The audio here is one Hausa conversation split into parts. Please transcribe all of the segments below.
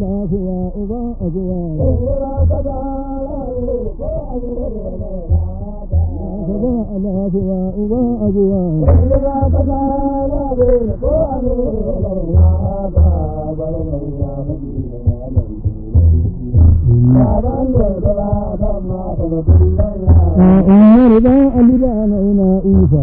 lafiya uba a zuwa Uba a lafiya uba a zuwa Umar ba a libana ina isa.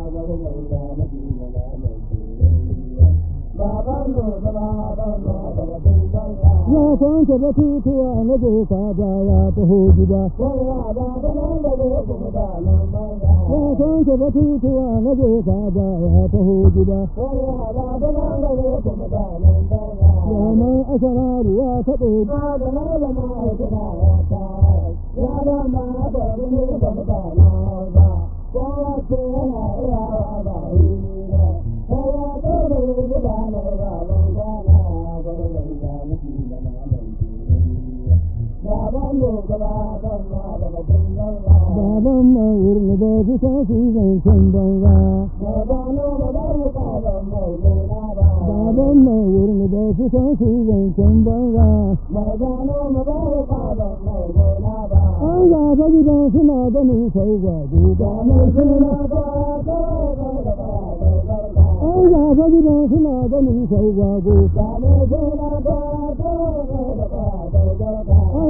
ya kwanke batutuwa na gofa ba ya taho gida ya kwanke batutuwa na gofa ba ya taho gida ya mai asararu ya taɓo ya ba ma ba ne ba ba ba ba ba ba ba ba ba Baban mawur ba su zancen ba su zancen An suna ganin sau ba mai ta An ba mai ta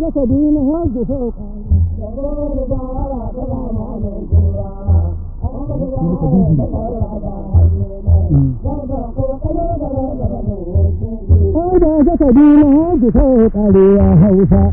زوجة دين هاج فوق Oda ga dina haji ya hausa.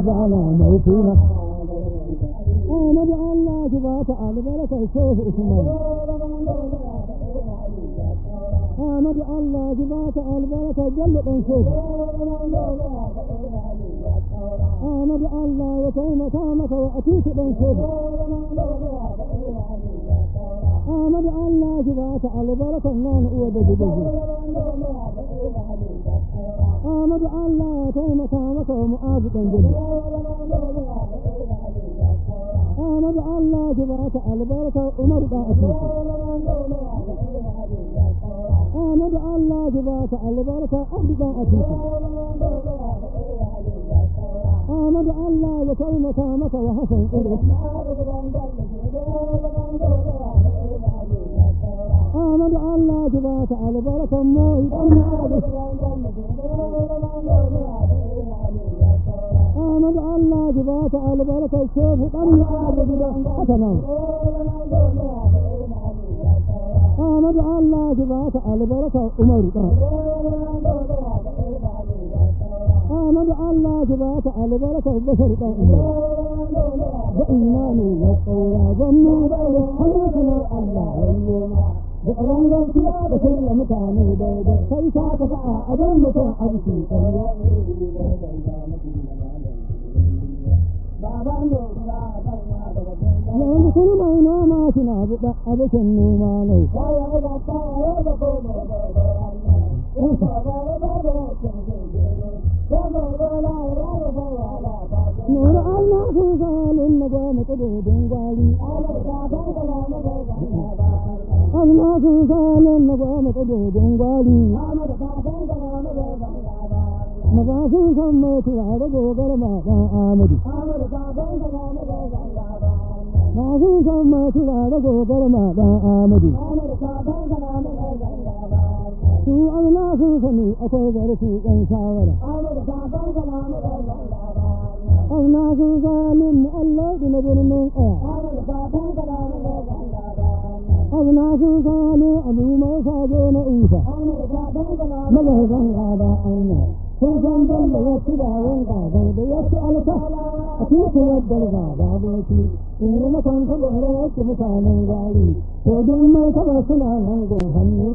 الزعلان يطينا أنا بألا تبات البركة يشوف اسمان أنا بألا تبات البركة جل بنشوف أنا بألا يطعم طعمك وأتيك بنشوف أنا بألا تبات البركة نان أود بجزي Muhammadu Allah ya taimaka maka wa mu'azu ɗan gina. Ahmadu Allah ya baraka albarka Umaru da ake. Ahmadu Allah ya baraka albarka Abdu da ake. Ahmadu Allah ya taimaka maka wa Hassan Idris. آمن الله تبات على بركة موت آمن الله تبات على بركة الشوف قرن حسنا آمن الله تبات على بركة عمر آمن الله تبات على بركة بشر بإيمان والقول ظنوا حياتنا الله da rangon kira da shirya mutane daidai sai sa ta sa abin mutum aiki Yanzu sun mai noma suna buɗa abokin noma ne. Nuru Allah sun zalin na gane ƙudodin gwari. ai na san salan na ba dogon gwari na ba sun san mai turare gogar maɗan amadu na sun san mai turare gogar maɗan amadu su aina sun sani akwai garki ɗan shawara aina sun zalin mu Allah na birnin ƙaya منافق قال أبو موسى بن عيسى مله بن هذا أين sun san ban da wasu da wanda da da wasu alfa a cikin wadda ba da aboki in yi makon kan da wasu mutanen gari to don mai kaba suna nan da hannu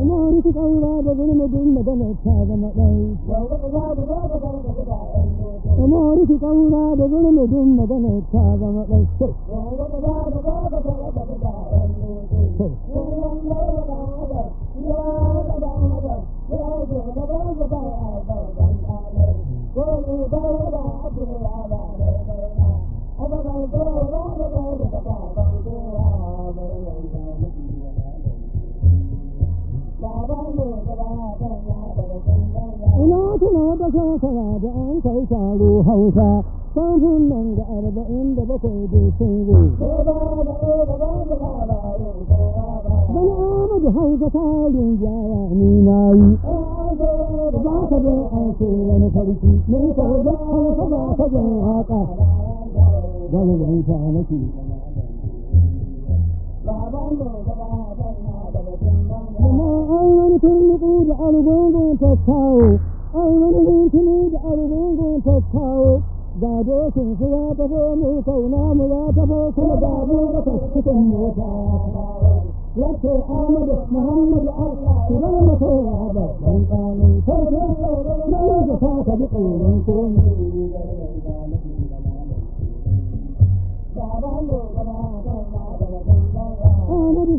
ina rufe kaura da zurmi din da ta zama ɗaya kamar ki kanga da gurmi dun magana ta zama ɗan suna da kankara da an kai taro hausa samun nan da arba'in da bakwai da sun zo. Bani Amadu hausa tarin yara ni na yi. Za ka bai an ce wani farki, mun kawo da hausa za ka bai haka. Zan rubuta nake. Baban da ba zan na da batun ban. Kuma an wani turnuku da algungun ta kawo. wani gintini da arzikin kakkawo ga dokin su ya taho mu kauna mu ya taho kuma cikin mota yace Amadu Muhammadu Allah ku zama da kowa da dan kanin sarki na yau da fa ka bi tsoron ko ne Ahmadu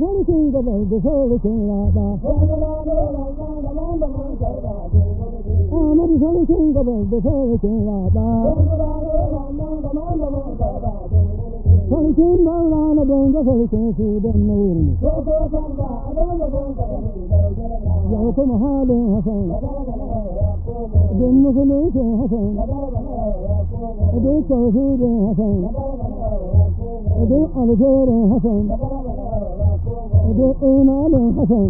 sarkin gaba da sarkin raba. mari sarkin gabas da sarkin yaba sarkin nan rana bonga sarkin su don nuri yau kuma halin hasan don musulukin hasan don tauhidin hasan don alherin hasan don imanin hasan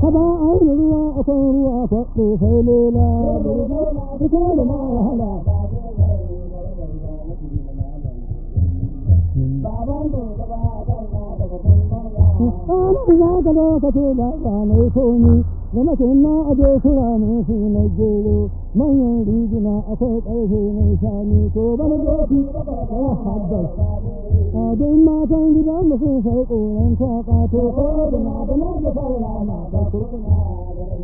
kaba aure ruwa akwai ruwa faɗo sai lela ita da ma wahala Ana za ka lokacin da ba mai komi zamakin na ado kura ne su na manyan riguna akwai ƙarfe mai shani ko bana doki ya haddar a duk matan gidan da sun sai ƙoran ta ƙato ko da na da na da fara na ta kurkuna da na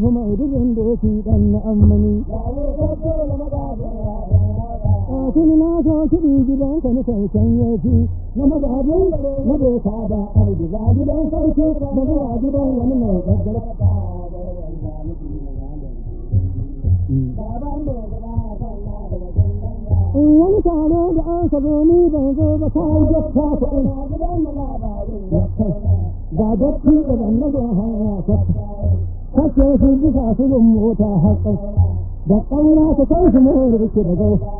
a mai doki ɗan na ga shi na zo kiɗi gidan ka nukan sanye shi na mazabi na doka ba a gida gidan sarki da zuwa gidan wani mai gaggara in wani taro da an sabo ni ban zo ba ka yi jakka kuɗin ga dakki da zannabin hanya ta kashe sun bisa su mota haƙƙa da ƙaura ta kai su mai rikici da gausa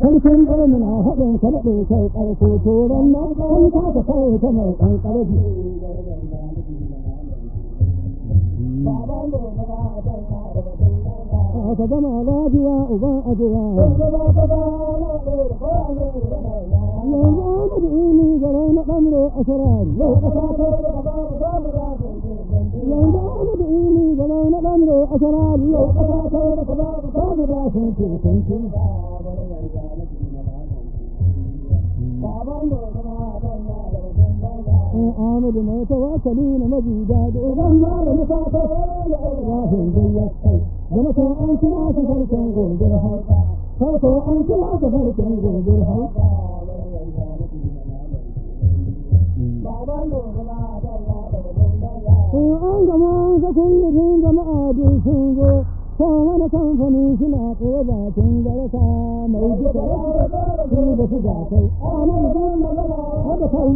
farkon ɗaya na haɗin kalaɗin kai ƙarfi turan na an kasa kai ta mai ɗan ƙarfi. Baba ne na ba a ka zama lafiya uba a jira yanzu an da ini gare na ɗamre a shirar yanzu an da ini gare na ɗamre a shirar yau ƙasa ta da kaba ta da ba sun ce sun ce آمد ما يتواصلون مجيدا وغنى لمسافة ولا أرواح بالوسط Zama ko an kira su farkon gobe ha, farko an kira su farkon gobe ha. In an gama an ga kungiyar jama'a duk sun zo, ko wani kamfani suna ko bakin garka mai duka su da su ga kai. A nan zan magana hada kai.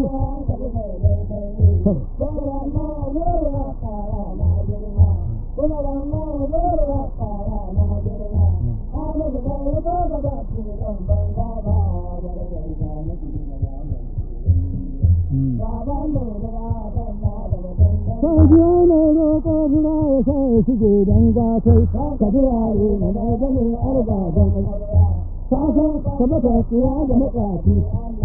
shige don gatai ka ji waye na maganin arba don ƙasa ka mata da matsafi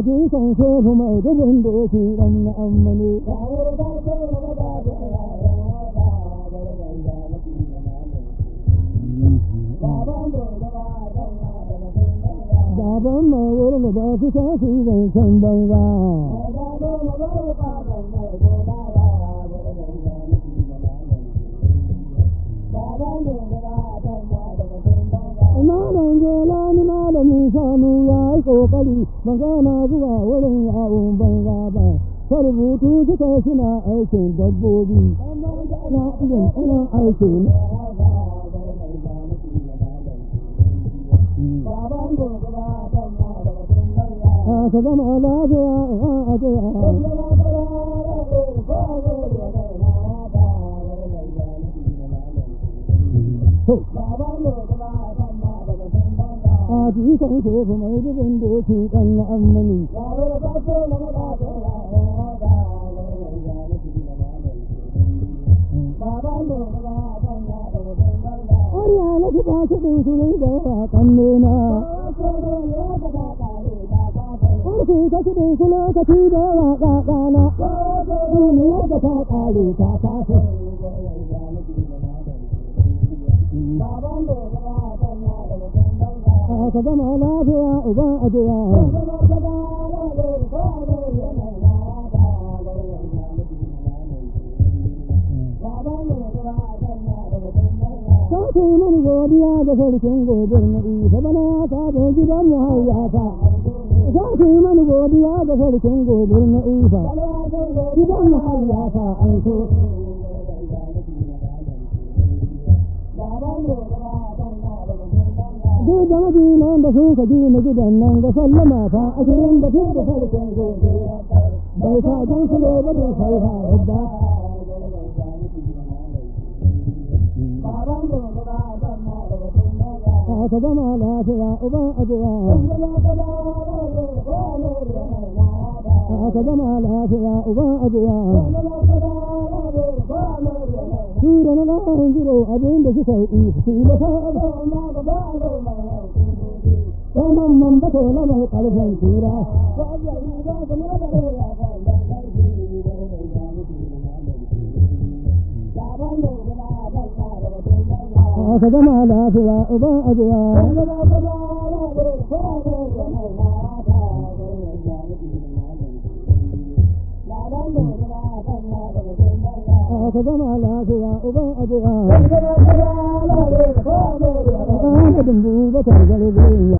hadisan shehu mai dubin da yake dan na ammani Baban mai wurin ba su sashi zai can banza. malam jelani malamin shanu ya ba za zuwa wurin yawon banza ba rubutu suka suna aikin dabbobi na irin ina aikin ka zama lafiya a ajiyar ma fi kan ko fa mai dubin na su ka zama lafiya uba ajiya Sauke mun godiya da sarkin a na isa bana ya kaɗo gidan mu hayyata. Sauke mun godiya da ku da madina da sun ka dina gidan nan ga sallama fa ashirin da fit da farkon gobe bai fa don su ne ba don sai ha rubba ka ta zama lafiya uban abuwa ka ta zama lafiya uban abuwa Sura su da ومن ينبته له قلبا كيرا وأجعل ذاك ما له يا فكما لا سوى أباء أبوا فكما لا سوى أباء أبوا فكما لا سوى أباء أبوا